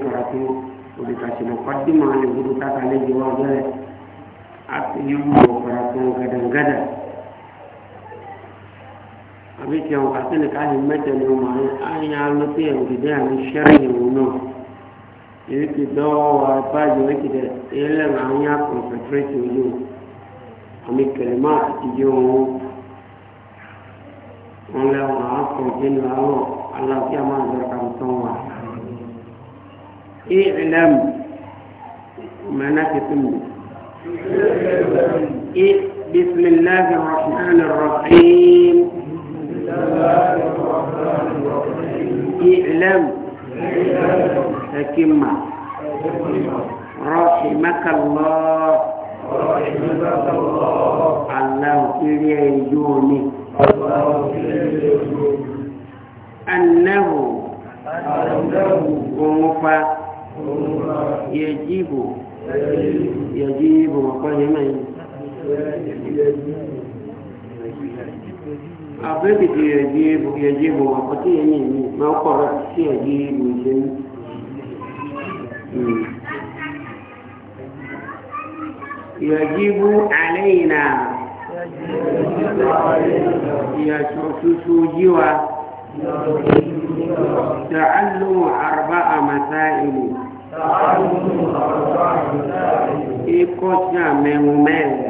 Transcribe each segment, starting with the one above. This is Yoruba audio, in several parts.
karatu o de ka se mọkadimu ale bolo k'a ka ale jẹ wa bẹrẹ a ti yi wọ. ko gadan-gadan abin kyau a tsini kahin mata ne ma an yi hannu ta yau da ya ni sharri wuno yake dawowa ba ji wake da ilan an ya concentrate yau a mai kalma a cikin wọn wọn lẹwọn a kọfin lawọ alafiya ma zarka mutum wa ilam mana fitin إيه؟ بسم الله الرحمن الرحيم اعلم حكمة رحمك الله الله في يجوني أنه أنه يجب يجب وقال أبدا يجيب يجيب وقتي يعني ما قرأت يجيب يجب علينا تعلم أربع مسائل إيكوشا مهمل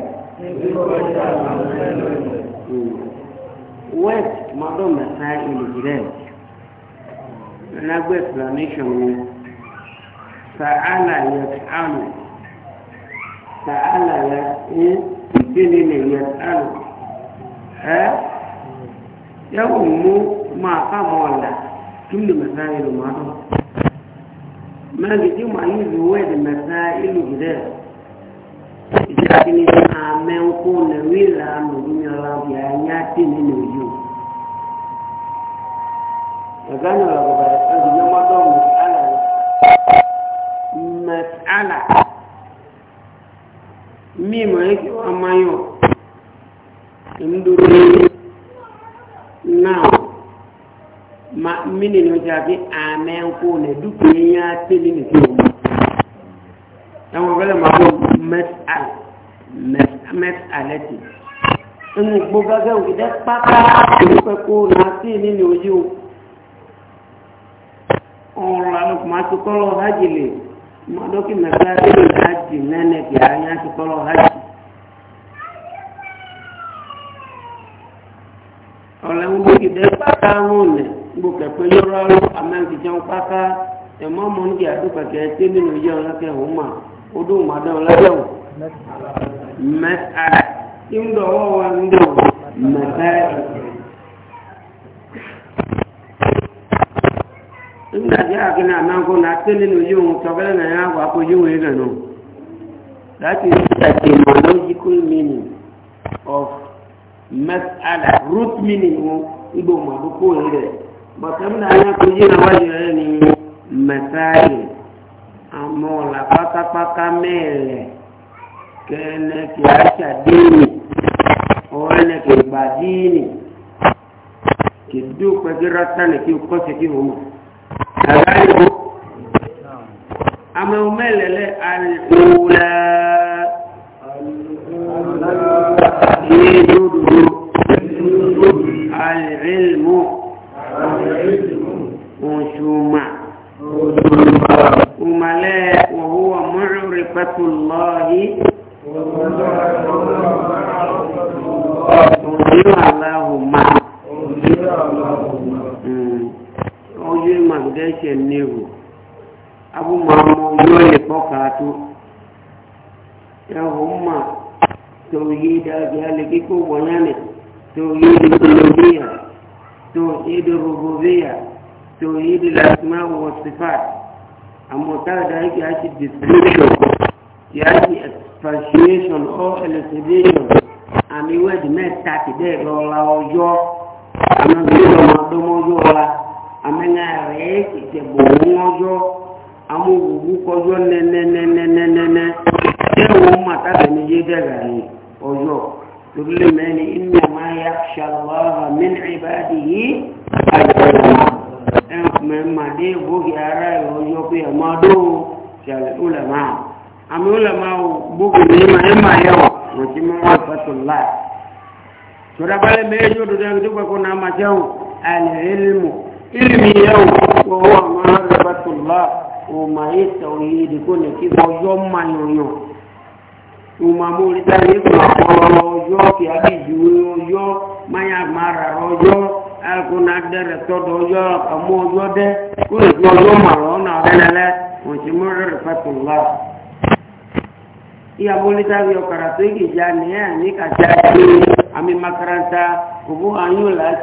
west mọ́tò mẹ́ta ìlìjìrẹ́ ẹ̀nàgbé explanation wọn sàálà yẹ àlù sàálà yẹ ní ìdílé yẹ àlù ẹ yẹ kò mú máa kàmọ́ ọ̀la kí ni mẹ́ta ìlú mọ́tò mẹ́rin tí wọ́n yí ìlú wẹ́ẹ̀dì mẹ́ta ìlú jìrẹ́. kini ame ŋku le wi le ameɖu nyɔla bia nya ti ne ne yi o ɛga nyɔ le bɔbɔ ɛdi nyɔ mɔdɔ mɛ ala mɛ ala mi mɔ eki ama yɔ ŋdoro naa ma mi ne ne o ti a fi ame ŋku le dukure nya ti ne ne ti o ma ɛwɔ bɛ le ma ko mɛ ala. mẹ́tàlẹ́tì inú gbogbo ìdẹ́ pátá ìpẹ́kó náà sí nínú ojú ọ̀rọ̀ alùpùpù àti kọ́lọ̀ hajj lè mọ́dọ́kì mẹ́fà lè hajj mẹ́nẹ̀kì àárín àti kọ́lọ̀ hajj ọ̀rọ̀ gbogbo ìdẹ́ pátá hàn nẹ̀ gbogbo nínú ojú ọ̀rọ̀ ó dùn مسألة يمدو هو عنده مسائل nígbà tí àkínà máa ń na tí nínú yóò ń sọ fẹ́lẹ́ náà yá wà kó yóò etymological meaning of masala root meaning wọn igbó màdúkú rí rẹ̀ bọ̀tẹ́mù náà yá kó yé wájú kẹ́ẹ̀nẹ́ kì í ṣàdéènì ọ̀ẹ́nẹ́ kì í gbàdéènì kì í dúpẹ́ kí rátánì kí ó kọ́sẹ̀ kí òun. àbáyọ àmọ́ mẹ́lẹ̀lẹ́ àlùkùlà ìdúdú àlùkùlù òṣùmá òmàlẹ́ wọ̀húwà mọ́rùn rẹ̀ pẹ́tù lọ́ọ̀hí. Òyìnbó aláhùnmá. Oyé màgẹ́ṣẹ̀ nírò. Abúmọ̀mọ̀ yóò lè pọ́kà tó. Ẹ̀hùn mà tó yí dájú alẹ́ kíkó wọ̀nyánì tó yí lóbíyà tó yí dòbòbò bíyà tó yí lásìmá wọ̀ sífà. Àmọ̀tá frustration or elucidation àmì wẹ́ẹ̀dì mẹ́ta kìdẹ́ lọ́la ọjọ́ àmọ́gbẹ́lọ́mọdọ́mọ́jọ́ ọ̀la àmẹ́ńà rẹ̀ kìtẹ̀bọ̀ wọn ọjọ́ amóhùwù kọjọ́ nẹ́nẹ́nẹ́nẹ́nẹ́nẹ́ tẹ́wọ̀n màtàbẹ̀ ní yé dẹ́gà ní ọjọ́ lórílẹ̀ mẹ́ni inú ọmọ ayá ṣàlọ́wọ́ mẹ́ni ìbáàdì yìí àjọyọ̀ ẹ̀kùnmẹ́ màdé ìbókè ara ìrọ̀jọ́ pé ọmọdó ṣàlẹ́ àmì ulama gbogbo ní ma ẹ ma yẹ wọ wọ́n ti mọ́ wọn fẹ́tò láì tọ́lá balẹ̀ mẹ́rin yóò dúdú ẹni tó gbàgbọ́ náà máa jẹ́ wọ àlẹ́ ilmu ilmi yẹ wọ wọ́n wọ́n ma ẹ fẹ́tò láì wọ́n ma yẹ tẹ̀wọ́ yìí dìgbò ní kí wọ́n yọ ma yọ̀yọ̀ wọ́n ma mú orí táyé kọ́ ọ̀rọ̀ ọjọ́ kí ju ọjọ́ máyà máa rà ọjọ́ dẹrẹ tọdọ ọjọ́ ọmọ ọjọ́ dẹ kó lè fi ọjọ́ màrọ̀ ọ̀nà ọ̀rẹ́lẹ́lẹ́ wọ́n ti mú rẹ̀ fẹ́tò láì iyabolita bi okarato igija ni ya ni eh. kacau. ami makaranta ubu anyu la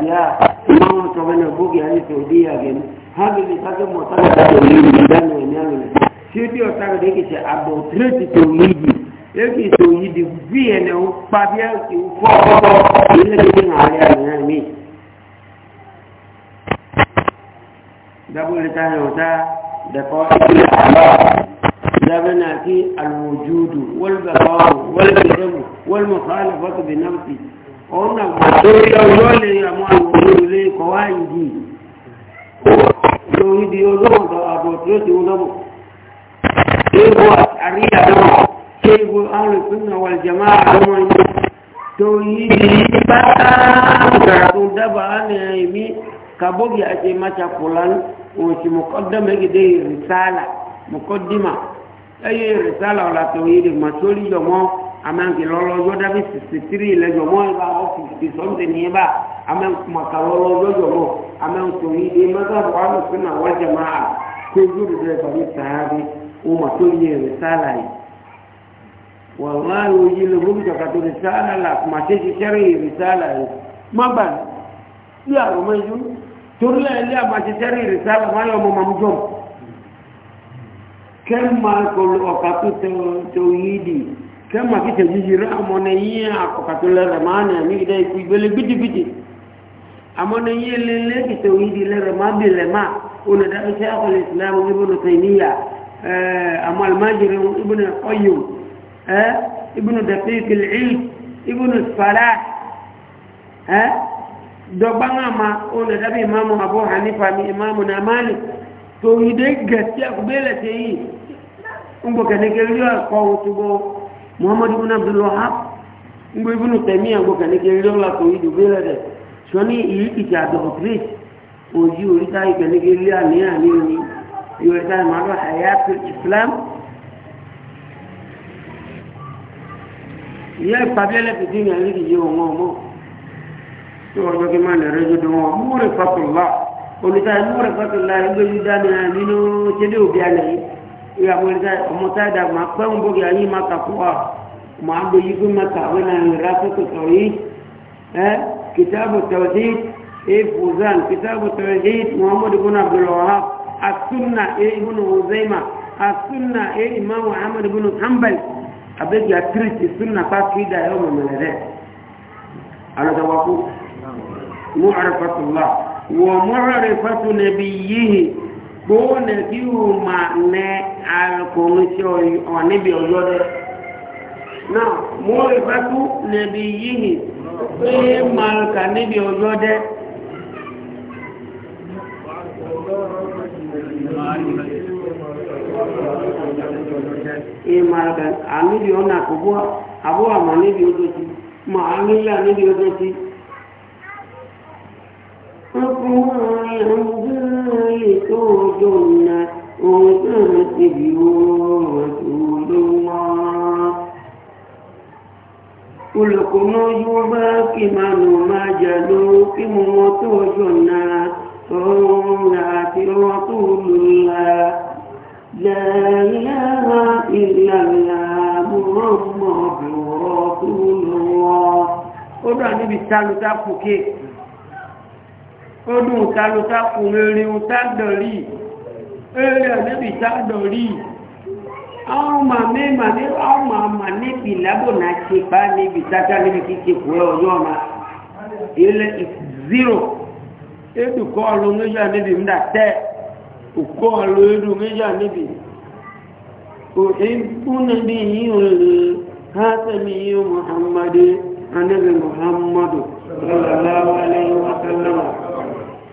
dia. Mau mama tobene bugi ani dia again Habis ni sake motaka ta ni ndani ya nyani sio otaka deki se abo treti to yiji eki to yiji vie ne upabia ki ufo ile ni hali ya nyani mi dabo leta yota depo بابنا في الوجود والبقاء والبدم والمخالفة بنفسه قلنا بطول أول يمع الوجود لي قواعدي توحيد يوزون أبوتيوت يوزون كيف أريد أنه كيف أهل السنة والجماعة هم توحيد بقى كراتون دبعا نعيمي كبوغي أتي ما تقولان وشي مقدمة كده رسالة مقدمة eye rìsálà ọ̀làtọ̀ òye lè mà tó rí yọmọ amáǹkì lọ́lọ́ yọdá bí sixty three lẹ yọmọ ìbá ọ̀fìsì sọ́ǹdẹ̀ ní ìbá amáǹkì màkà lọ́lọ́ yọyọmọ amáǹkì òye lè mẹ́ta wà lùsùn náà wọ́n jẹ máa kójú rẹ̀ bàbí sàárì ó mà tó yẹ rìsálà yìí wàlá òye lè mú ìjọkàtò rìsálà là mà ṣe ṣiṣẹ́ rẹ̀ rìsálà yìí má bà ní àrùn mẹ́jú torí lẹ́yìn ilé àmàṣiṣẹ́ rẹ̀ rìsálà kema okapita toidi kema kite jijira amone yie akokatule remane amigida ikuibele biti biti amone yie lele kite oidi le rema bi lema una da shaykh al-islam ibn taymiya eh amal majri ibn qayyim eh ibn daqiq al-ilm ibn salah eh dogbanga ma una da bi imam abu hanifa imam na torí dé gẹ̀ẹ́sì àkùbẹ́lẹ̀ tẹ́ yìí ń bọ̀ kẹ̀lẹ́kẹ́ rí ọ̀pọ̀ òtúgbọ́ muhammadu bin abdul wahab ń gbé ibùnú tẹ̀mí àgbọ̀ kẹ̀lẹ́kẹ́ rí ọ̀la torí dùbẹ́lẹ̀ rẹ̀ sọ ní ìyí ìjà àdọ̀kọ̀ grace òjì oríta ìkẹ̀lẹ́kẹ́ rí àníyàn ní òní yorùbá ìmọ̀lá àyàtò islam ìyá ìpàdélẹ̀ fìdí ní àríkìyí ọmọ ọmọ tí wọ́n jọ́ kí má lè rẹ́jọ́ dùn wọn múrè fàtúlá olùtà ẹnu rẹ̀ pàtàkì ẹgbẹ́jú dání nínú tẹ́lẹ̀ òbí alẹ́ yìí ìyá olùtà ọmọ tá a dà máa pẹ́ ń bọ́gì ayé máa kà fún wa máa gbé yí fún máa kàwé náà rẹ̀ rákòtò tọ̀ yìí ẹ kìtàbù tọ̀sí efuzan kìtàbù tọ̀sí muhammadu bin abdullahi asunna e ibn huzaima asunna e imam muhammadu bin hanbal abegi atiriti sunna pa kida yọ rẹ̀ alọ́dọ̀wọ́kú ومعرفة نبيه بون كيوما نا الكونشيو نبي يودا نا ma نبيه a كان نبي يودا ìmàràkà àníbi ọ̀nà àkọ́bọ́ àbúwà mọ̀ níbi odò ti mọ̀ ànílà níbi لكم من ذلك وجنة وتنتبهوا رسول الله olùkọ́ náà yóò bá kí máa nù máa jà ló kí mo mọ́ tó ọjọ́ náà ọ̀run àti odun taluta kumere uta dori ere nebi ta dori àwọn ma me ma ne àwọn ma ma ne bi labo na se ba ne bi tata ne bi kike ko ojo ma ile zero edu ko lo nja ne bi mda te ko lo edu nja ne bi ko in kun bi yul hatami muhammad anabi muhammad sallallahu alaihi wasallam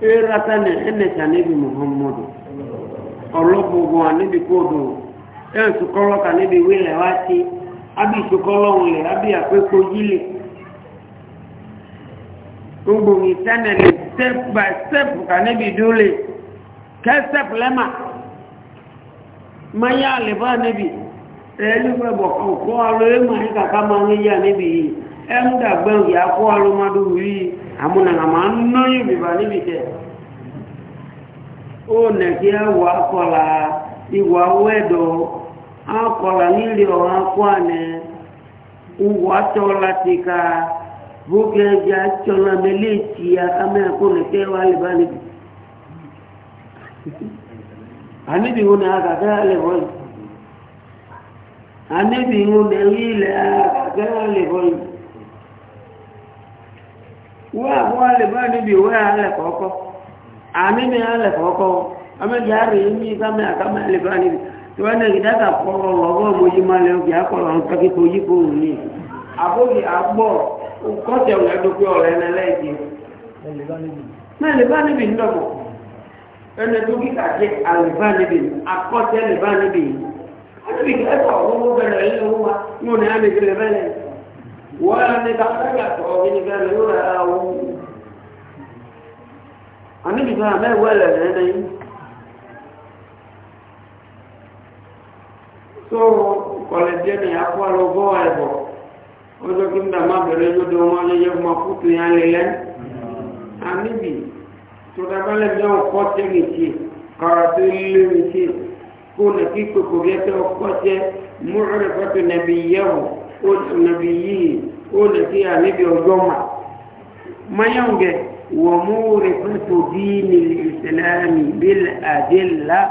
na ne eneka nebi muhammadu ọlọpọgbọ anebi kodo ẹnsukọlọ kanebi wele wati abi sukọlọ wele abi akpẹkọ yile ogbonyi tẹnẹ le step by step kanebi dole kẹ step lẹma aleba ẹni bọ alo kaka ma ń yí anebi yìí ẹnu alo ma do wuli amúnà àmà ń náyìn bìbà níbi tẹ̀ ó nàkí àwọ̀ akọ̀là ìwà wẹ́dọ̀ akọ̀là nílé ọ̀hún akọ̀ àná ìwà tọ́ láti ka bókè ẹja tsọ́nà mẹ́lẹ́ tì ya amẹ́kọ̀ nìkẹ́ wà lè anibi ŋun na kaka anibi ŋun na yi le wọ́n àwọn alẹ́bá níbi ìwé alẹ́ kọ̀ọ̀kọ́ àmì ní alẹ́ kọ̀ọ̀kọ́ ọmọdé àrẹ yìí kámẹ́ àkámẹ́ alẹ́bá níbi tí wọ́n náà ìdáta kọ̀ọ̀rọ̀ lọ́wọ́ mojí máa lẹ́yìn kí akọ̀rọ̀ ń tọ́kí tó yí kóhùn ní àbókì àgbọ̀ kọ́sẹ̀ ọ̀lẹ́dọ́gbẹ́ ọ̀rẹ́ ẹnẹlẹ́ẹ̀dì mẹ́lẹ́bá níbi ńlọ́mọ̀ ẹni tó kíkà jẹ́ alẹ́bá níbi akọ́sẹ̀ alẹ́bá níbi wala ne daga to ni ga lura awu ani bi ma me wala ne ne so kole je ni akwa rogo e ebo ojo kinda ma bere yo do ma ye ma putu ya lele ani bi to da bale me o ko te ni ti karatu le ni ti ko والنبيين ونبي نبي وجمع ما ينجى ومورثة دين الإسلام بالأدلة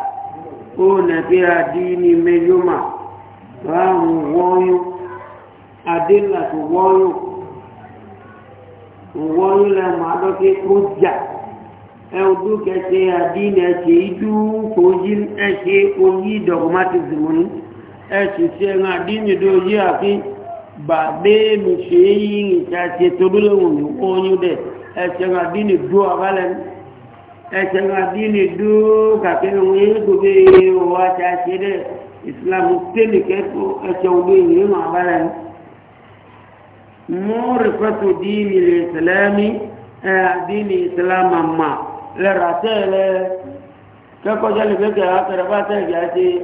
ونبي دين مجمع فهم ويو أدلة ويو ويو لما دوكي كوجا أو دوكي دين أشي دو كوجين أشي كوجي دوغماتيزمون أشي سينا دين دو جي أكي ba be mi se yi ta se to dole wo ni o nyu de e se nga di ni do abalen e se nga di ni do ka islam te ni ke ko e se o be ni ma abalen mo re fa to di ni le islami e di islam ma le ra te le ke ko je le ke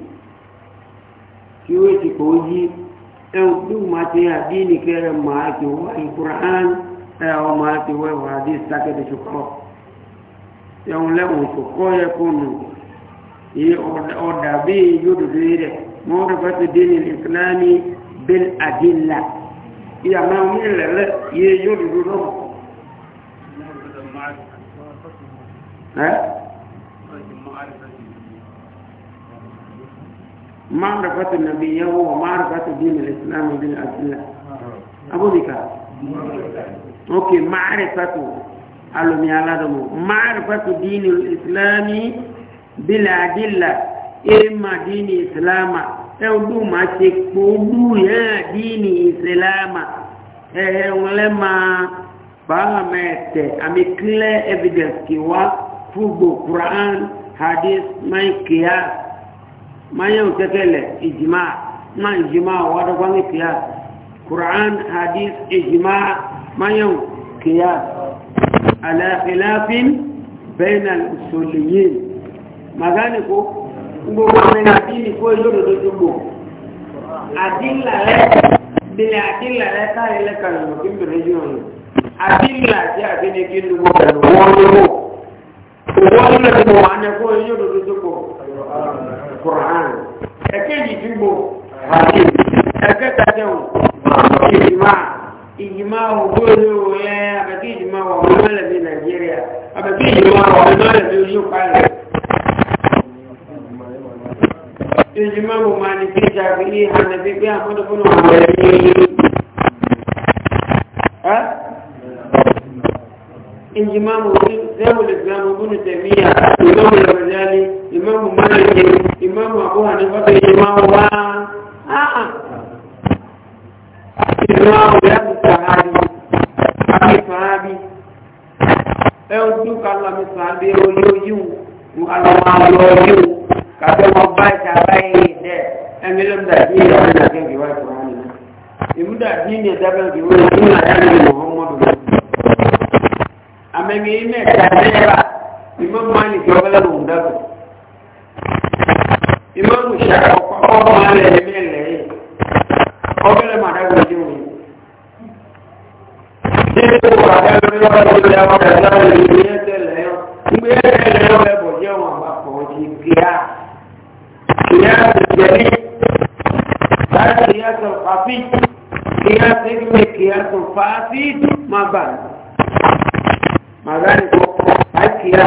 kiwe kipoji au e duma ya dini kere maaki wa Qur'an e au maaki wa hadis take de shukro ya ule ushukro ya kunu hii oda bi yudu dire mawda fatu dini islami bil adilla ya maumile le ye yudu duro eh معرفة النبي هو ومعرفة دين الإسلام بالأدلة أبو ديكا أوكي معرفة ألومي على دمو معرفة دين الإسلام بالأدلة إما دين الإسلام أو دوما تكبودو يا دين الإسلام أهو لما بامت أمي clear evidence كوا فوق القرآن حديث ما كياس mayan kekele ijima ma ijima wada kwangi kiyas Qur'an hadis, ijima mayan kiyas Alafilafin khilafin baina al-usuliyin magani ko gbogbo mena dini ko yodo do jumbo adilla le bile adilla le ka ile kan no kimbe region adilla ti abine kindu mo kan wo wo wo le ko ane ko yodo do jumbo alukur'an ẹ̀kejì tí mo hàdí ẹ̀kẹta dẹ̀wò ìyìmá ìyìmá ògbóni òwúlẹ̀ abẹ́kí ìyìmá wà wọ́n mẹ́lẹ̀ bí nàìjíríà abẹ́kí ìyìmá wà wọ́n mẹ́lẹ̀ bí ojú palẹ̀. ìyìmá mo máa ní bí ìjàgbé ní ìhànà bí pé àkọ́dọ́fọ́nà wà wọ́n ní ìyìmá mo ní sẹ́wọ̀n lè gbàmù bùnú tẹ̀míyà ìmọ̀ mọ̀lẹ́mọ̀lẹ́ ìmọ̀ mọ̀lẹ́mọ̀lẹ́ ìmáàmù àbúrò ànífọ́tẹ̀ yìí máa wá ìrọ̀ òyà sàárì àbí sàárì ẹ ń dúkà lọ́mí sàárì olóyún alọ́mọ alọ́yún kàfẹ́ wọn bá ìta báyìí dẹ ẹni ló ń dà bí ìyá ọ̀nà kẹ́kẹ́ wá ìtura nìyẹn ìmúdà bí ní ẹ̀dá bẹ́ẹ̀ kí wọ́n ní àyà ní mọ̀ọ́mọ́dù náà àmẹ́mí ní ẹ̀dá bẹ́ẹ̀ bá ìmọ̀ máa ń ìjọba lẹ́nu òun dàgbà ìmọ̀rún ìṣàkọ́kọ́ ọmọ alẹ́ ẹ̀mí lẹ́yìn ọbẹ̀rẹ̀ màdáwọ̀ ìdí òun nínú ìwà àdáwọ̀ lọ́wọ́ ìlú ẹ̀wọ̀n àdáwọ̀ ìlú yẹn tẹ̀lẹ̀ ọ́ ìgbé ẹ̀rẹ̀ lẹ́yìn ẹ̀bọ̀ jẹ́ wọn àpapọ̀ ti gíà ìyá ìjẹ̀lẹ̀ láti ìyá sọ fàáfí ìyá sẹ́gbẹ̀ ìyá sọ fàáfí má bà màdá nìkọ́ àìkíyà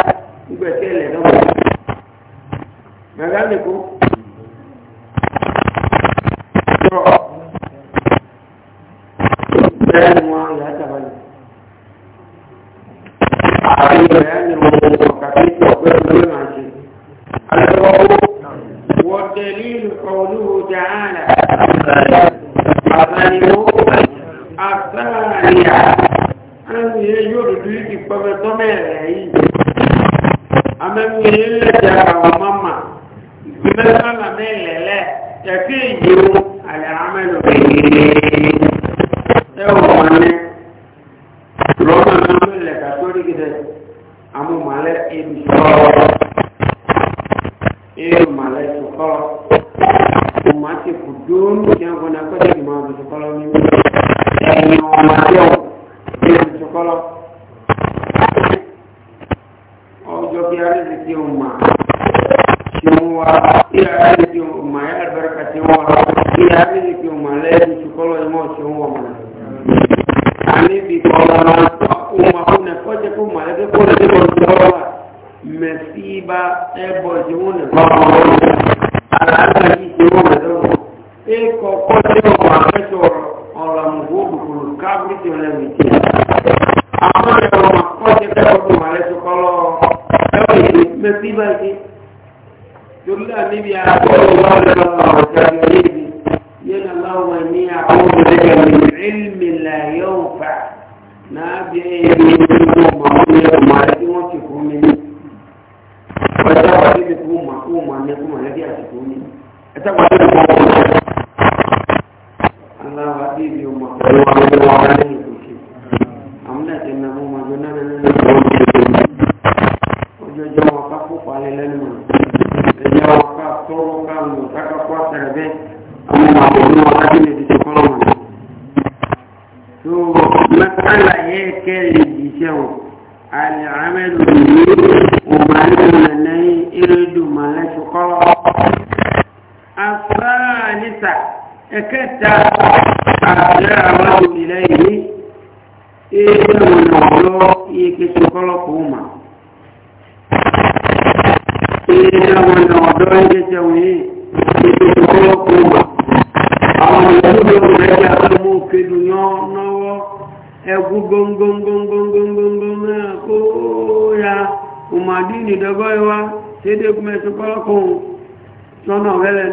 kuma kuna koje ko ma ke ko de ko dawa mesiba e bo june ba ala ala ji jo do e ko ko de ko ma ke to ola mbu bu ku kabri ti ole mi ti ama de ko ma koje ko ko ma le so kolo e àdínì dọ́gọ́ ìwá tẹ́dẹ́ gúnmẹ́sí pọ́lọ́kùn sọ́nà helen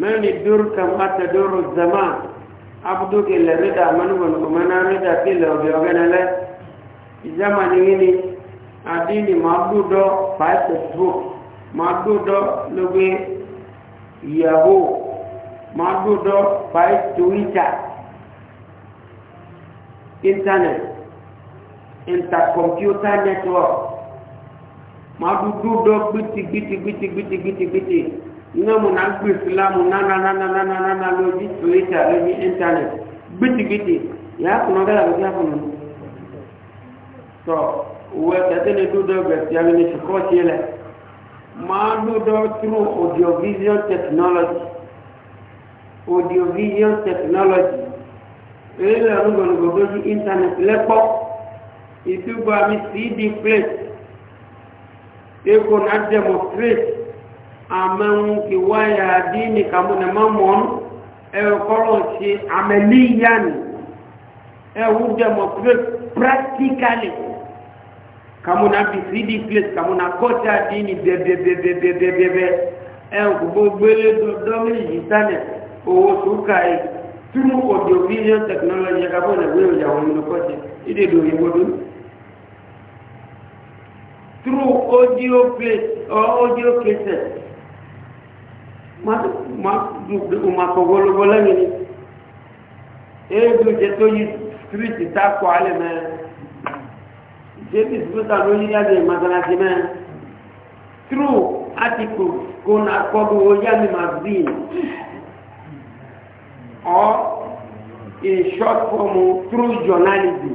mẹ́rin dúró kàmátà dúró zama abúdókè lẹ́rídà mọ́nùmọ́nù kọmọ́nà rídà pílẹ̀ ọ̀bẹ̀ ọ̀gẹ́nẹ́lẹ́ ìjẹ́mà ní yíní àdínì máa dúdọ́ facebook máa dúdọ́ lógbé yahoo máa dúdọ́ twitter internet intercomputer network máa dúdú dọ́ gbìtìgbìtìgbìtìgbìtìgbìtì iná mu náà gbé ìsìlámù nánánánánánánánà lójú twitter lójú internet gbìtìgbìtì yàá kùnà bẹ́ẹ̀ lójú àkùnà tọ òwe tẹ̀sí ni dúdú gbẹ̀sì àmì ní ṣùkọ́ sí ilẹ̀ máa dúdú through audiovisual technology audiovisual technology èyí lè rúgbọ̀nùgbọ̀n lójú internet lẹ́kọ̀ọ́ ìtúgbà mi sí di plate eko na demonstrate amẹ́hun kì wáyà dí ní kàmúnà mọ́mọ́n ẹ̀rọ kọ́rọ̀ ṣe amẹ́líyàní ẹ̀hún demonstrate practically kàmúnà bí sí di plate kàmúnà kọ́tà dí ní bẹ́ẹ̀bẹ́ẹ̀bẹ́ẹ̀bẹ́ẹ̀bẹ́ ẹ̀hún kò gbogbo elédò dọ́mìnì yìí sálẹ̀ owó sùúkà yìí through audio vision technology ẹ̀ka fún ẹ̀wé ìyàwó ìlú kọ́tì ìdèdò ìgbòdó audio plate or uh, audio cassette. Ma kogologo lẹ́yìn ni. Edu jeto tó yí script tako alẹ́ mẹ́rin. Jébì Sibúta ló yí yá lè masalasi mẹ́rin. True article kò nà kọ́dù ó yá mi magazine. Or in short form true journalism.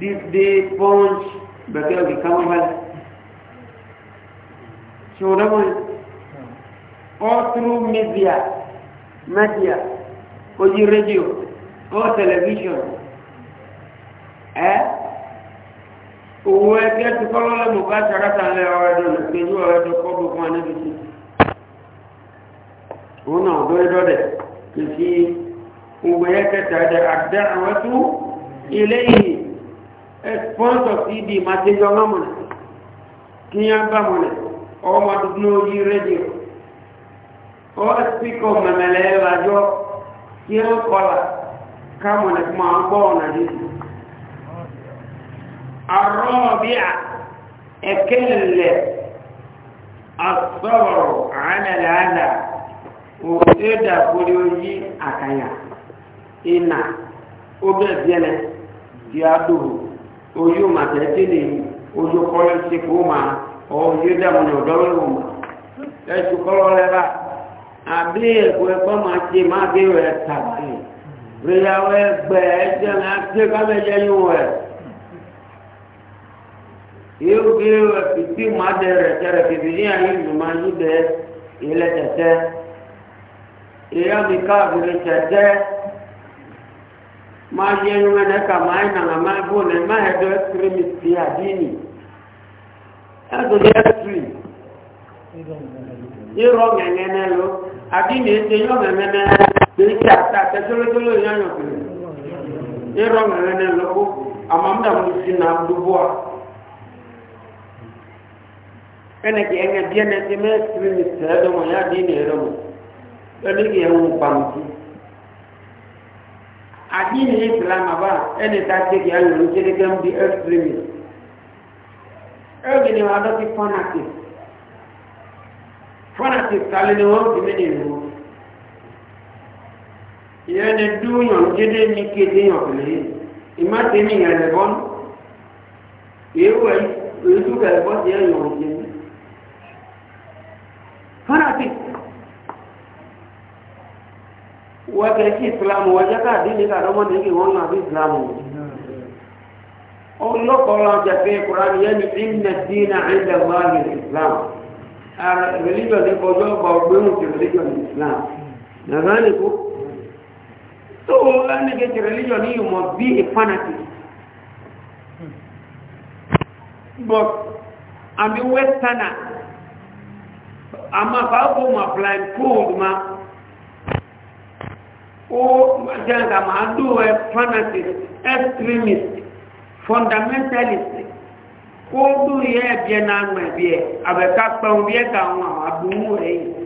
dide punch bẹ̀tẹ̀ òkè kamọ́bẹ̀lẹ̀ ṣòdọ́mọ̀ all through media media ojú rédíò all television ẹ́ òwò ẹgbẹ́ ti kọ́ lọ́lẹ́ mọ̀ bá ṣàkátà ńlẹ̀ ọ̀rẹ́dọ̀ lẹ́gbẹ̀ẹ́jú ọ̀rẹ́dọ̀ kọ́ gbogbo wọn níbi sí òun náà dọ́rẹ́dọ́dẹ̀ kìí sí òwò ẹgbẹ́ tẹ̀lé àdá àwọn tó ilé yìí sponsor cd e matenga mamona kinyamba mona o matubno ji radio o spiko mamelewa jo kio kola kama na kuma mbona hizi الرابعة أكل الصبر على الأذى وإذا كل أكايا إنا أبدا بيانا بيادوه ojú màtẹ́tẹ́lẹ̀ ojú kọ́lé ti kó ma ojú dàmúnà ọ̀dọ́rọ̀ ma ẹ̀tù kọ́lọ́ lẹ́bà àbí ẹ̀kọ́ ẹ̀kọ́ ma ti má bí rẹ̀ tàbí ríyàwó ẹgbẹ́ ẹ̀jẹ̀ náà ti kábẹ́jẹ́ yín wẹ̀ yóò gbé rẹ̀ pìpì má dẹ̀ rẹ̀ tẹ̀rẹ̀ pìpì ní àyè ìdùnmá yí bẹ́ẹ̀ ilẹ̀ tẹ̀tẹ̀ ìyá mi káàbìrì tẹ̀tẹ̀. máa yẹ ẹnu mẹ́ta na máa ị na-ama bó lẹ́ máa ẹ̀dọ́ ẹ́kírímì sí adini ẹ̀dọ́ ní ẹ́kírí irọ́ mẹ́mẹ́mẹ́ ló àdínì ẹ̀ṣẹ̀ yọ mẹ́mẹ́mẹ́ lórí kí àtà tẹ́tọ́lótọ́ló yányàn kiri irọ́ àdínì islam àbá ẹni tá a ti kì í ayò lóṣèlú gẹ́gẹ́ bí extremist ẹ̀rọ̀gì ni wọ́n adọ́ sí fanatic fanatic kálí ni wọ́n ti mẹ́rin ìlú ìyẹn ni dúnyàn jẹ́dẹ́ ní kéde yàn pẹ̀lẹ́ ìmáṣe ní ìyàn ẹ̀bọ́n èèwọ̀ èyí tó bẹ̀rẹ̀ bọ́ sí ẹ̀yàn òjò fanatic wọ́pẹ́ sí ìsìlámù ọjọ́ káàdì ní sàdọ́mọ́ nígbì wọ́n náà bí ìsìlámù olókọ̀ọ́lọ́ jẹ́fẹ́ kùránì yẹn ni ìnà dínà wáyé islam ara religion ní kọjọ́ ọgbà ọgbẹ́hùn ti religion ní islam nàzánì kú tó lánìkẹ́ ti religion ní ìmọ̀ bí i fanatic but àmì westerner àmà fàákùn mà blind cold ma ó jẹ́ǹkà máa dó ẹ fanatic extremist fundamentalist kó dó yẹ ẹbí ẹ náà mọ̀ ẹbí ẹ àbẹ̀ká pẹ̀hún bí ẹ kà wọn àwọn abúmú rẹ̀ yìí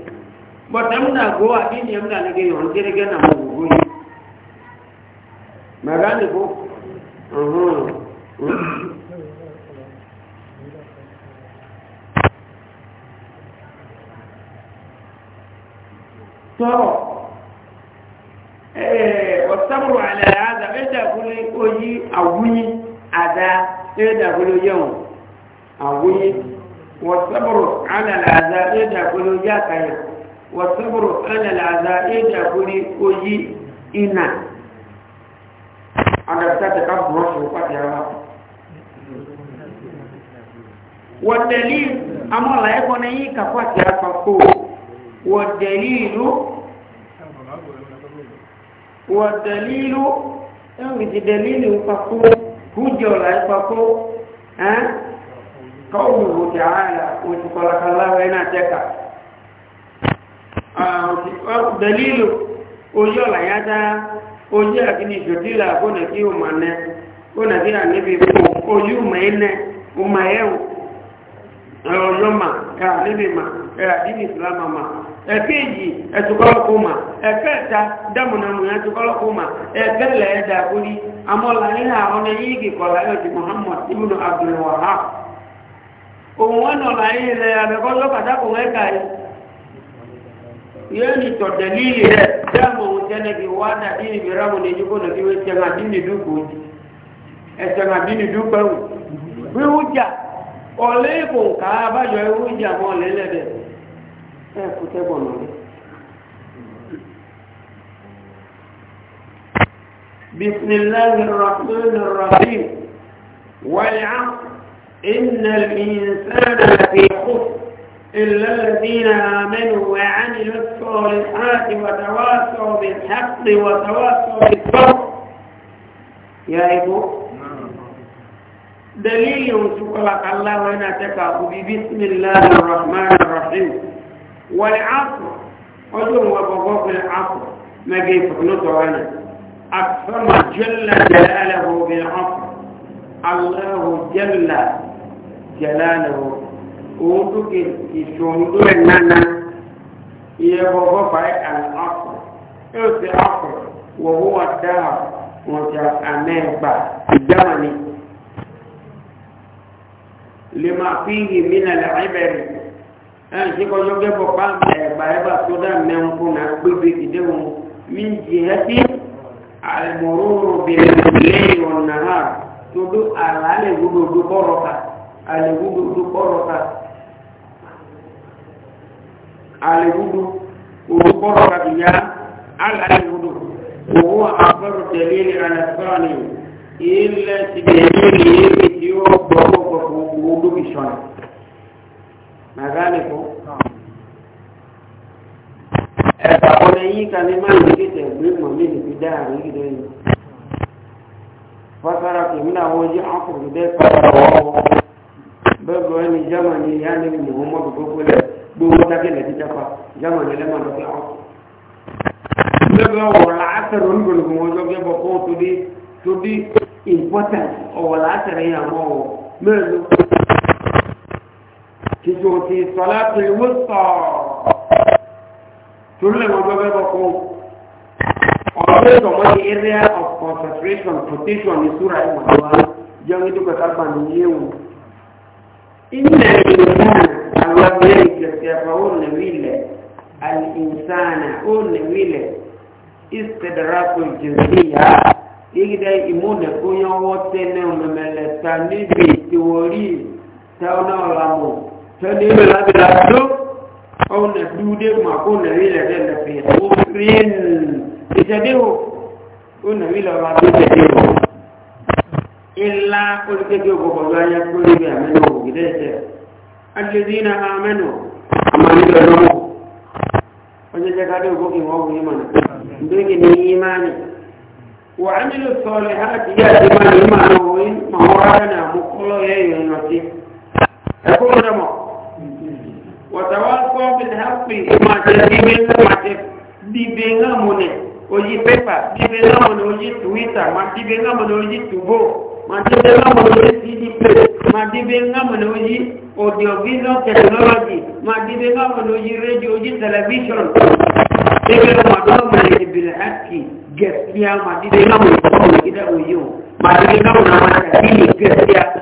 bọ̀tẹ̀ mú nà gó àbí ní ẹmú nà nígbè yọ̀ nígbèrègé nà mọ̀ òwò yìí mẹ̀rá nìkó tọ́rọ̀ ọ̀sánwó àlẹ́ àdá ẹ̀dàkúnlé oyí àwúyí àdá ẹ̀dàkúnlé yẹ̀wọ̀n àwúyí wọ̀sánwó àlẹ́ àdá ẹ̀dàkúnlé oyí àkàyẹ̀ wọ̀sánwó àlẹ́ àdá ẹ̀dàkúnlé oyí ìnà adàbíta tẹ̀ka bùrọ̀ṣù pàtẹ́ ara wọ̀dẹ̀lì amọ̀lá ẹ̀kọ́ náà yí kàpàtẹ́ àpapọ̀ wọ̀dẹ̀lì ìlú wadalilu yangu jidalili upako hujo la upako eh kauluhu ta'ala utikola Allah ina teka ah dalilu ojo la yata ojo lakini jodila kuna kiu mane kuna bila nibi ojo maene umayeu ojo ma ka nibi ma ya dini islama ma ẹ̀kẹ́yì ẹ̀tùkọ́lọ́kọ́ ma ẹ̀kẹ́ta dámùnàmù ẹ̀tùkọ́lọ́kọ́ ma ẹ̀kẹ́lẹ̀ ẹ̀dà orí amọ́là níhà ọ̀nà yìí kìkọ̀lá ẹ̀tì muhammad ibùdó abdulwaha òun wọn nọ̀lá yìí rẹ̀ abẹ́kọ́lọ́ pàtàkùn ẹ̀ka yìí ni tọ̀dẹ̀lì rẹ̀ dáàmù òun tẹ́lẹ̀ fi wá dàbí ìbíramù ní ìdúgbò nàbí ẹ̀tẹ̀ngàdínìdúgbò ẹ بسم الله الرحمن الرحيم والعصر إن الإنسان لفي خسر إلا الذين آمنوا وعملوا الصالحات وتواصوا بالحق وتواصوا بالصبر يا إبو دليل شكرك الله وأنا تكافئ بسم الله الرحمن الرحيم والعصر أدوم وبغوك العصر ما جيفك نطعنا أكثر جل جلاله بالعصر الله جل جلاله ودك يشمدون لنا يبغوك العصر إيه العصر وهو الدهر وتأمامك الزمن لما فيه من العبر ẹnití kọjọ gẹbọ pàmì ẹgbà ẹgbà tó dà mẹnkú náà gbégbé ìdẹwò mí jì ẹtí àlùmọrúurú bìrì lẹyìn ọ̀nà ha tó dó àlà àlẹgúdòdó kọrọ ká àlẹgúdòdó kọrọ ká àlẹgúdò òdó kọrọ ká ìyá àlà àlẹgúdò òwò àfẹrù tẹlẹ ní alẹsánì ilẹ ti dẹyìn ní èyí tí ó gbọgbọgbọ òdó ìṣọ̀nà nadhani ko kuna hii kalima nikite mwema mimi bidaa ngine fasara kimna hoji hapo bidai fasara wao bego ni jamani yani Muhammad kokule bo take na kitapa jamani lema ndoke hapo bego wala asar ngun kumojo ke boko tudi tudi important wala asar ya mo melo kíkó ti sọlá tó ìwé sọ torí lè wọn gbẹgbẹ bọ kó ọdún tó mọ ní area of concentration protection ní súra ẹ wọn wá jẹun ní dúkọ sábà ní yé wò. ilẹ̀ ìlànà àwọn abẹ́rẹ́ ìgbésẹ̀ ẹ̀fọ́ ó lè wílẹ̀ alìsànà ó lè wílẹ̀ ìsèdèrèkò jìnnìyà yíyídẹ ìmúnẹkúnyọwọ tẹnẹ mẹmẹlẹta níbi ìtìwọrí tẹwọn náà tẹ́lẹ̀ ìrìnlá bí lásìkò ọ̀nà dúdé màkó nàrí rẹ̀ rẹ̀ lẹ́fẹ̀ẹ́ ó rí ìṣẹ́déhò ó nàrí lọ́wọ́ àbíṣẹ́déhò ìlà olùkẹ́kẹ́ òkòkòrò ayé kúrò bí àmẹ́nà òkìdẹ́ ìṣẹ́ àjẹ́dínà àmẹ́nà àmàlẹ́ ọ̀nà ọjọ́ jẹ́ ká dé òkòkè wọ́n wù ní mọ̀nà ìdókè ní ìmáàni wà á nílò sọ̀rọ̀ láti yá àti máa ní ìmáàni òwe màwọ́rá náà mú yẹ́ ìrìnà sí ẹ̀kọ́ mọ́ wọ̀tàwọ́pọ̀ bìtàpì màjẹ̀ bíbí màjẹ̀ bíbí ńlámùnẹ̀ oyí pépà bíbí ńlámùnẹ̀ oyí tùwítà màdíbí ńlámùnẹ̀ oyí tùbò màdíbí ńlámùnẹ̀ oyí cdp màdíbí ńlámùnẹ̀ oyí audiovisual technology màdíbí ńlámùnẹ̀ oyí rédíò oyí tẹlẹfíṣọ̀n bíbí ńlámùnẹ̀ ìbìlẹ̀ àti gẹ̀ẹ́sì màdíbí ńlámùnẹ̀ ìbọ̀wọ̀ ìdá òyìn màdíbí ńlámùnẹ̀ àwọn àti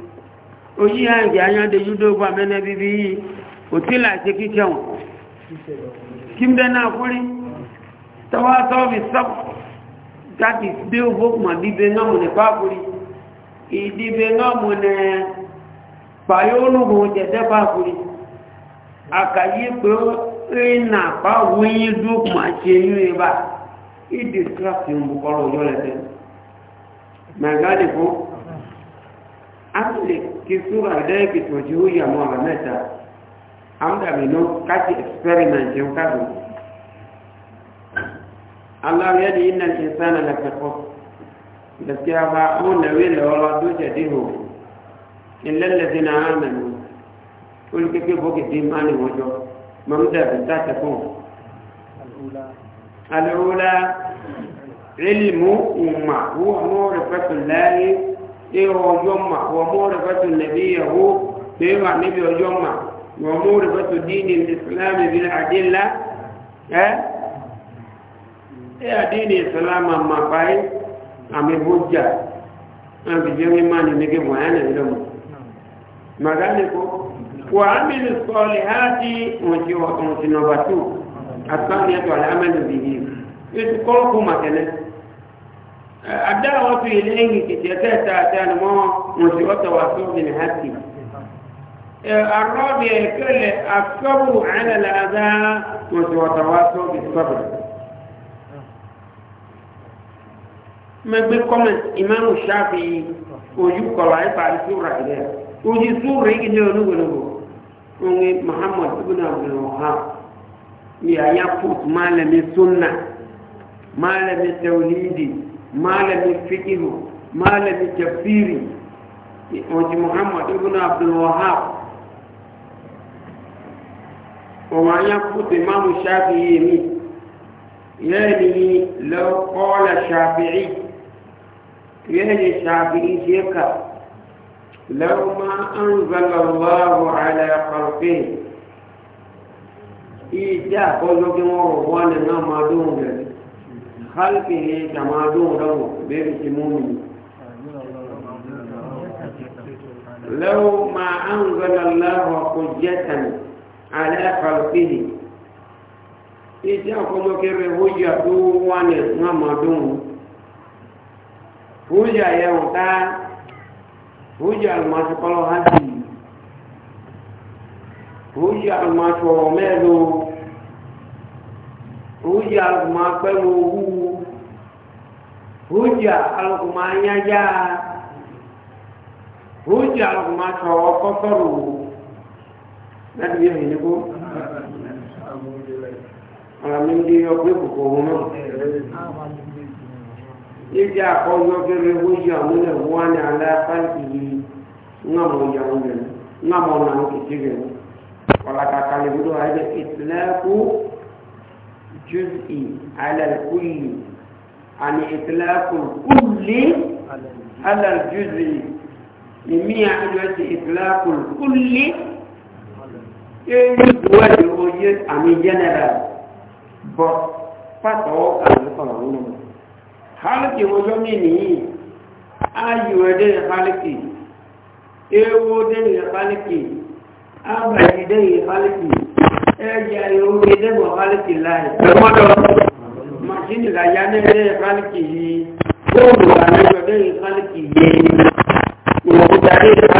oyi ha nge anya de yudo kwa mene bibi yi otila se kike won kimde na kuri tawa so bi sab that is be wo ma bibe na mo ne pa kuri idibe na mo ne pa yo nu go je de pa kuri akaye pe ina e pa wi du amle kisura idaye kitoji huyu ya mwanga meta amda mino kati experiment ya ukabu Allah yadi inna al-insana la taqaf gaskiya ba auna wele wala doja diho illa alladhina amanu kul kike boke dimani wojo mamda bitata ko al-ula ilmu umma huwa ma'rifatu llahi ewa ọjọ́ mà wọ́n mú rẹ̀ fẹ́ tó nàbí yahoo bẹ́ẹ̀ wà níbi ọjọ́ mà wọ́n mú rẹ̀ fẹ́ tó díìnì ìsìlámù bí adéla ẹ́ ẹ́ àdíìnì ìsìlámù àmà báyìí àmì bójà náà fi jẹ́ mímá ni nígbè wọ́n yẹn nà ńlọ́mù. màgánì kó wà á mi الدعوة إليه كتيتاتا تنمو مصيبة وصول الهاتي الرابع كل الصبر على الأذى وتواصل بالصبر ما بكم إمام الشافعي وجب قلعي بعد سورة إليه وجي سورة إليه نقول نقول محمد بن عبد الوهاب يا يفوت ما لم سنة ما لم توليدي malamin fikihu malamin tafsiri wọ́n muhammad ibn abdulwahab wọ́n á yá kúté máàmù ṣáfi yìí mi yẹ́nì yìí lọ́wọ́ kọ́ọ̀lá ṣáfi yìí yẹ́nì ṣáfi yìí ṣe kà lọ́wọ́ máa ń zọlọ̀ lọ́wọ́ àlẹ́ kọ̀ọ̀fẹ́ yìí jẹ́ àkọ́jọ́ kí wọ́n rọ̀ wọ́n lè náà خلقه كما دونه بيرك مؤمن لو ما أنزل الله حجة على خلقه iṣẹ́ ọkọ̀lọ́kẹrẹ hujja tó wà ní ọmọdún hujja yẹun tá hujja alùmọ̀ṣọ́kọ́lọ́ hajji hujja alùmọ̀ṣọ́ mẹ́lòó huja mapemo huu huja alokumanyaja huja alokumacho kokoru nadiyo hiniku alamindiyo kwekukohuno ija koyokere huja mune huwane ala kalbihi ngamoyaune ngamonankitigenu walakakalibudo aide itlaku الجزء على الكل عن إطلاق الكل على الجزء لمية عجوة إطلاق الكل يجوز وجود عن جنرال بس فتوقع القانون خالقي وجميني أيوة دي خالقي ewo dẹ́yìn ìpáníkì ábàjì dẹ́yìn ìpáníkì ẹ̀yà ìhòòrò ẹ̀dẹ́gbọ̀ fálìkì láì ọmọdọ̀ màṣínì làyá ní ẹ̀dẹ́ fálìkì yìí fóònù àlejò ẹ̀dẹ́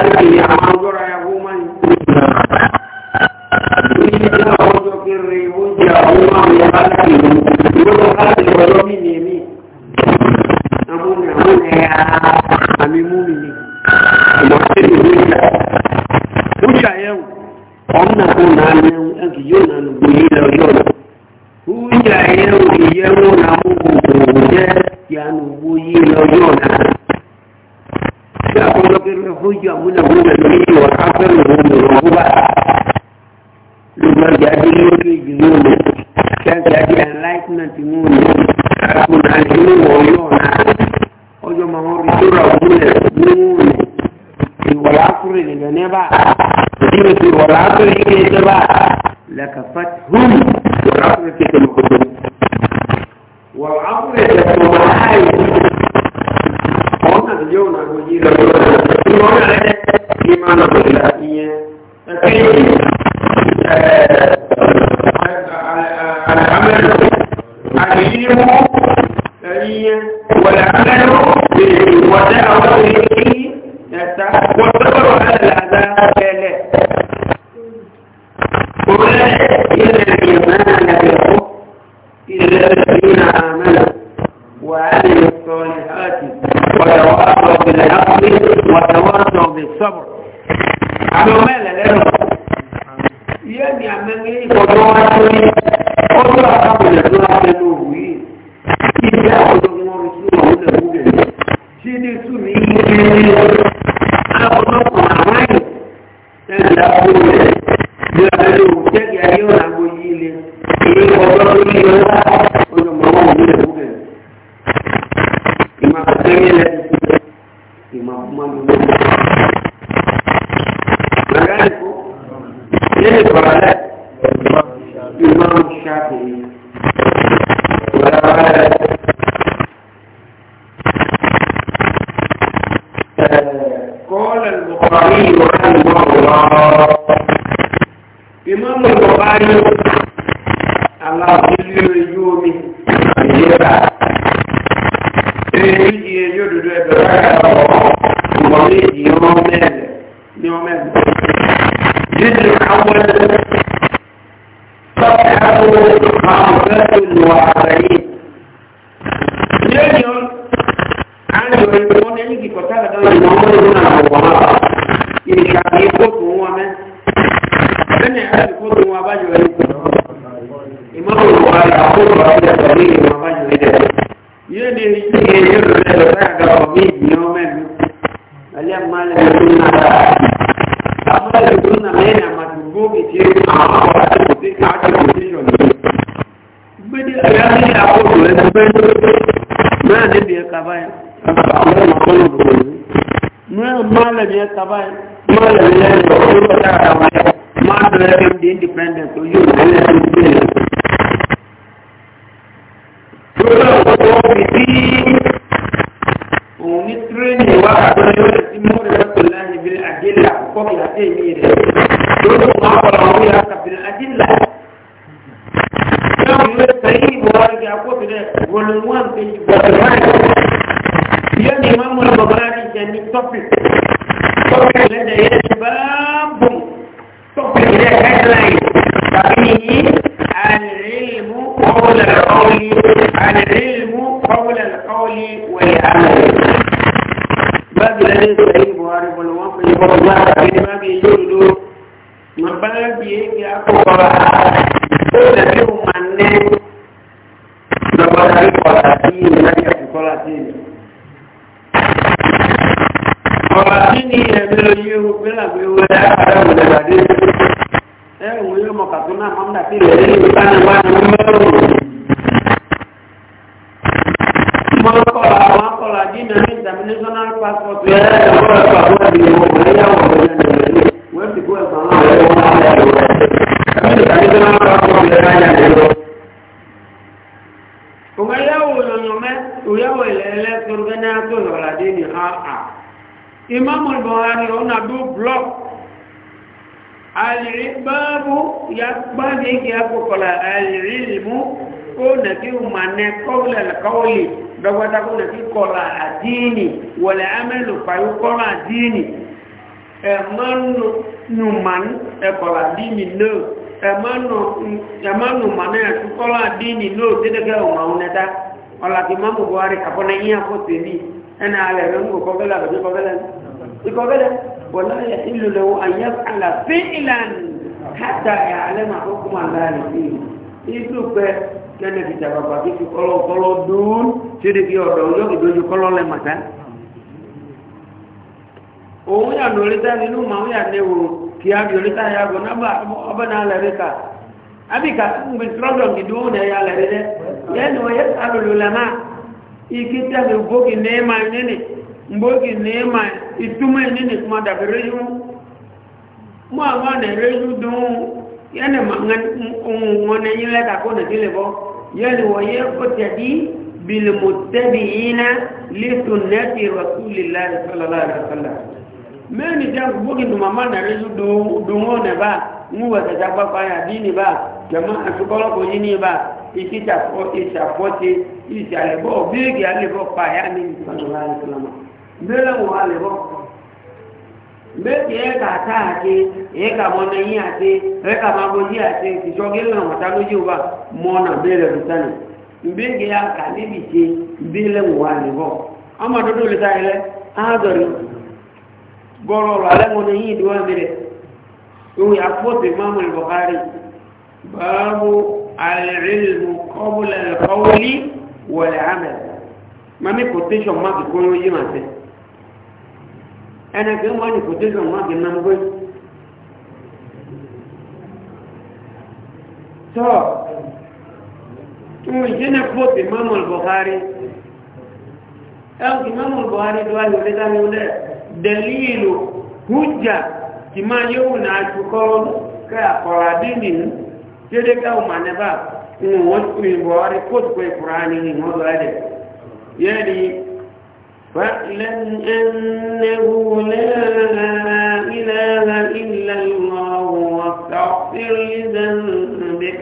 بالعقل وتواصوا بالصبر عمو مالا لأنه malamin sunna ba amma da sunna mai na madugo mai ce a wata zai ka ake position bidi a ya zai ya ko dole da bai na da biya ka baya amma na kullu dole na malamin ya ka baya malamin ya da kullu ta da mai ma da ya kan independent so you know that is ¡Gracias! ugayawo lonyome uyawo ilele turgana to loladini ha a imamul buhari ona du block alibabu yakbani yakukola alilmu ona ki umane kowla alqawli dogota kuna ki kola adini wala amalu fa yukola adini e manu numan e kola adini no ẹ̀mánu mọ̀nà ẹ̀túkọ́lá dínì lóò dédékẹ́ ọmọ òun ẹ̀dá ọ̀làkì mọ́mù buhari kàfọ́nà yíyá fún tèmi ẹ̀nà alẹ̀ rẹ̀ ń kò kọ́fẹ́lẹ̀ àbẹ̀bí kọ́fẹ́lẹ̀ ìkọ́fẹ́lẹ̀ wọ̀lá ìlú lẹ́wọ́ àyẹ́ àlà fi ìlànà hátà ẹ̀ alẹ́ mà kó kúmà láàrin sí i ìdúpẹ́ kẹ́nẹ̀ fi jàbàbà bí fi kọ́lọ́ kọ́lọ́ dún ṣéde fi ọ̀dọ̀ yọ ìdójú kọ́lọ́ lẹ màtá òun kiam yolita ya go naba abana la reka abika mbe problem ni duone ya la rede yenu ya alul ulama ikita ni bogi neema nini mbogi neema itume nini kuma da reju mo ama ne reju dun yene mangan ngone yile ka ko ne dile bo yene wo ye ko tadi bil muttabiina li sunnati rasulillahi sallallahu alaihi wasallam meni jangu bugi numa mana rezu dungone ba nguwa tata kwa kwa dini ba jamaa asukolo ba ikita fo isa foti isa lebo bigi alebo pa yani mfano wale kulama mbele wale bo mbeki eka ata ake eka mwana hii ake eka maboji ake kishogele na matanuji uba ya kanibi ke mbele bo ile bọ́ọ̀rọ̀ ọ̀rọ̀ alẹ́ wọn yìí ìdíwọ́ ìbẹ̀rẹ̀ ìwé àpótò ìmáàmù ìbọ̀kárì báàbù àìrìlmù kọ́bùlẹ̀ ìkọ́wọ́lì wọ̀lẹ̀ àmẹ́ mami quotation mark kó ló yé màá tẹ ẹnì kí wọ́n ní quotation mark náà gbé tọ́ ìwé ìjẹ́nà quote ìmáàmù ìbọ̀kárì ẹ̀ ìmáàmù ìbọ̀kárì tó wáyé ọ̀lẹ́dá ni ó lẹ́ẹ̀ dalilu hujja kima yau na tukon ka faradini jede ka umane ba in wasu in bawari ko tukwe kurani ni mozo ade yani فاعلم أنه لا إله إلا الله واستغفر لذنبك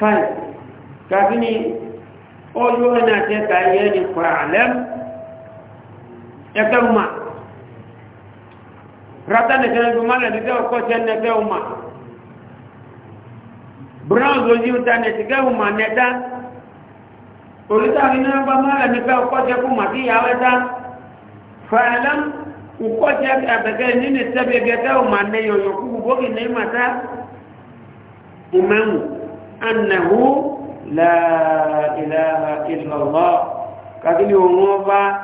fine tàbí ni ọjọ́ ẹ̀nà àtẹ́ta yẹ́ ni fàálẹ́m ẹ̀kẹ́ ọmọ rata nẹ̀kẹ́ ẹgbẹ́ mọ́lẹ̀ nẹ̀kẹ́ ọkọ̀ tẹ́ nẹ̀kẹ́ ọmọ brown lójú ta nẹ̀kẹ́ ọmọ nẹ̀ta olùtàrí náà bá mọ́lẹ̀ nẹ̀kẹ́ ọkọ̀ tẹ́ fún màtí ìyàwó ẹ̀ta fàálẹ́m ọkọ̀ tẹ́ àbẹ̀kẹ́ nínú tẹ́bẹ̀ẹ́gẹ́ ọmọ nẹ̀yọ̀ yòókù gbogbo أنه لا إله إلا الله كذلك يوموبا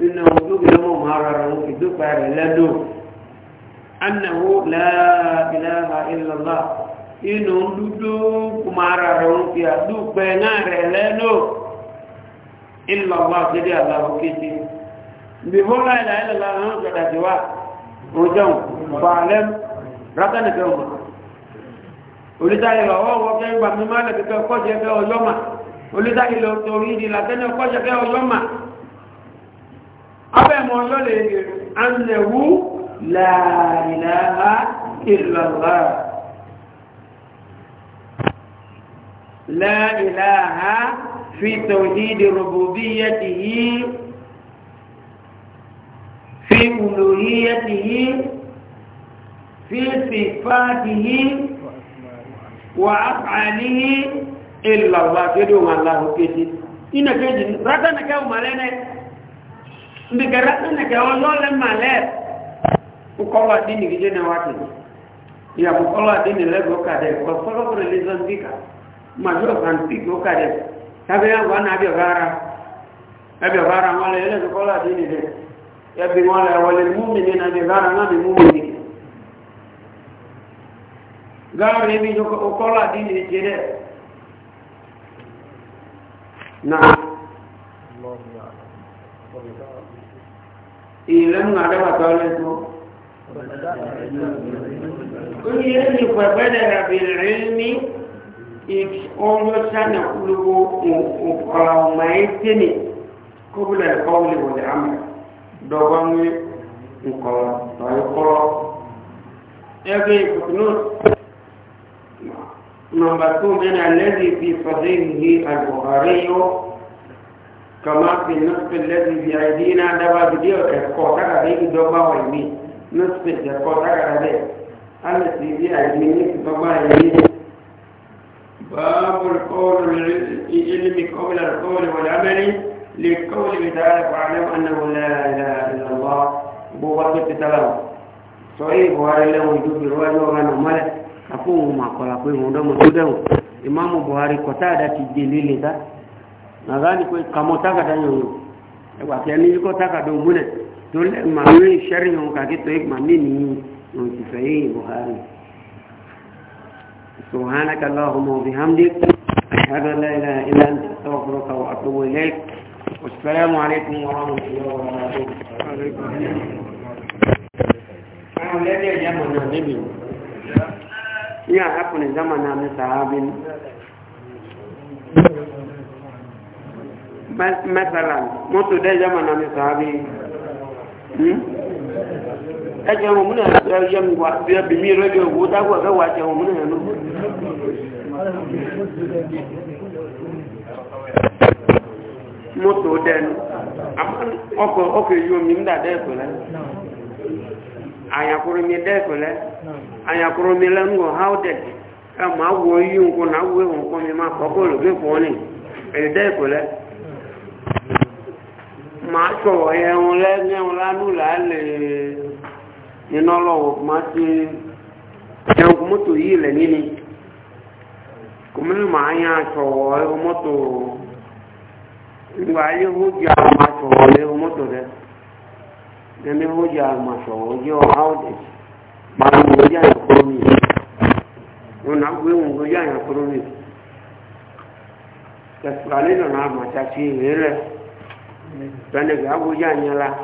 إنه دوك يومو مهارا روك دوك لدو أنه لا إله إلا الله إنه دوك مهارا روك دوك لدو إلا الله سيدي الله كيتي بيقول لا إله إلا الله أنا قد أجوا وجو فعلم ربنا كيومه olùdarí lọ wọ́n wọ́n kẹ́ gbà mí má lẹ̀ kẹ́kẹ́ kọ́jẹ́ kẹ́ ọjọ́ mà olùdarí lọ torí ìdí làtẹ́nẹ́ kọ́jẹ́ kẹ́ ọjọ́ mà abẹ́ mọ ọjọ́ lè rìn anẹ̀wú làìláha ìlàlá làìláha fi tòhídì rògbòbíyẹ́tìyí fi olùhíyẹ́tìyí fi sìfáàtìyí وأفعاله إلا الله كده ما الله كده إن كده رتنا كده مالنا إنك رتنا كده الله مالنا وكل دين كده نواتي يا وكل دين لا بكرة بفرق religion ديك ما جو كان بيك بكرة كبيرة وانا بيغارا أبي غارا ما لا يلا وكل دين ده يبي ما لا وللمؤمنين أبي غارا ما بمؤمن gáàrí ibi ọkọ́lá dín ní ṣe dẹ̀ náà ìlẹ́nu àdáwàtà ọlẹ́tọ́ ó ní ẹni pẹ̀pẹ́dẹ̀ rẹ̀bì rí ní ìfọ́nlọ́ sánà kúlùgbò ọ̀pọ̀lá ọmọ ẹ̀tẹ́ ni kóbulẹ̀ kọ́wùlẹ̀ wọ̀lẹ̀ àmà dọ́gbọ́n ní nkọ̀lọ̀ tọ́yí kọ́lọ́ ẹgbẹ́ ìfọ̀tún náà نمبر 2 الذي في صحيحه البخاري كما في النصف الذي في أيدينا دوا فيديو كاسكوتا غادي دوبا ويمي نصف الكاسكوتا غادي التي في أيدينا دوبا ويمي باب القول العلم قول القول والعمل للقول تعالى فاعلم أنه لا إله إلا الله بوقت التلاوة صحيح وهذا له وجود الواجب وغنى ملك akó wọn mọ akọlà pé wọn dọ́mọ tó dẹ̀wọ̀n ìmáàmù buhari kọ́tà àdá ti dé líle dá nàgá ni pé kàmọ́ tágàdá yàn yàn ẹgbà kí ẹni yíkọ́ tágàdá òun múlẹ̀ tó lẹ́ mà ní ìṣẹ́rì yàn kàkí tó ìgbà mí nìyí yàn ti fẹ́ yé buhari. سبحانك اللهم وبحمدك أشهد أن لا إله إلا أنت أستغفرك وأتوب إليك والسلام عليكم ورحمة الله وبركاته. Here happened in Zamana Mr. Zamana Mr. Habin. Ẹjẹ́ ọmọ múnà ẹ̀yẹ́ mi wà bí ẹbí mi rẹ́jọ òwò ya fẹ́wà jẹ ọmọ múnà ya Mọ́tò dẹnu, ọkọ̀ èyí omi anyakurumi dẹ́kù lẹ́ anyakurumi lẹ́ ń gọ̀ how dead ma wo yí nǹkan náà wo nǹkan mi máa kọ́kọ́ lògbé fún ma sọ̀rọ̀ ẹ̀hún lẹ́ ní ẹ̀hún la là lè iná lọ́wọ́ ma ti ẹ̀hún kò mọ́tò yìí lẹ̀ ya ma nemi hoja mashowojo haude mangoja ya kurumi unagwe ngoja ya kurumi tasale no na machachi hele tane ga nyala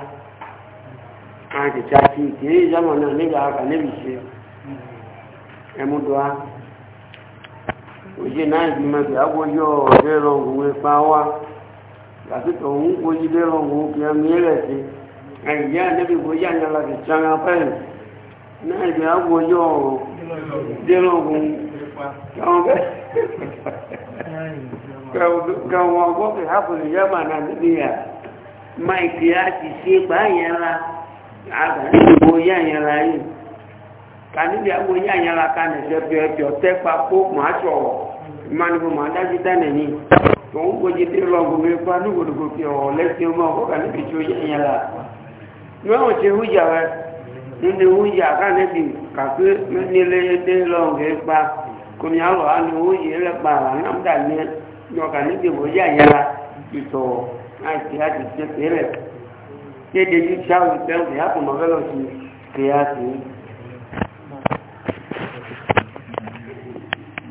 chachi ke zamana ne ga ka ne emudwa oje na bi ma ga hojo de rongu we pawa lati to un oje de rongu ẹ̀yà níbi ìgbòjá ìyàlá ti sára pẹ́lú náà ìgbà àgbòjọ́ délọ́gùn kẹwọ́n ọgbọ́kẹ̀ hapùlù yẹ́mà náà níbi yà máìkì á ti ṣe gbá ìyàlá àgbàní ìgbòjá ìyàlá yìí kà níbi àgbòjá ìyàlá ká nìṣẹ́ fi ẹ̀fẹ́ ọ̀tẹ́ papọ̀ máa ṣọ̀rọ̀ ìmánibó máa dájú tẹ́lẹ̀ ní tòun gbòjì délọ́gùn mi pa nígbòdògbò fi ọ̀rọ̀ lẹ́sìn ọmọ ọ̀kọ̀ kà tí ó yẹ ìyàlá yóò ṣe hújà rẹ nínú hújà kánẹ́bì kàkú nílé dé lọ́ọ̀gẹ́ pa kòmí àlọ́ àni hújà lẹ́pa àlànàmdà na ọkà níbi hújà yára ìtọ̀ àti àti tẹ́tẹ́ rẹ̀ kéde yìí sáwùtẹ́ òkè àkùnmọ́fẹ́ lọ sí kéyàtì yìí.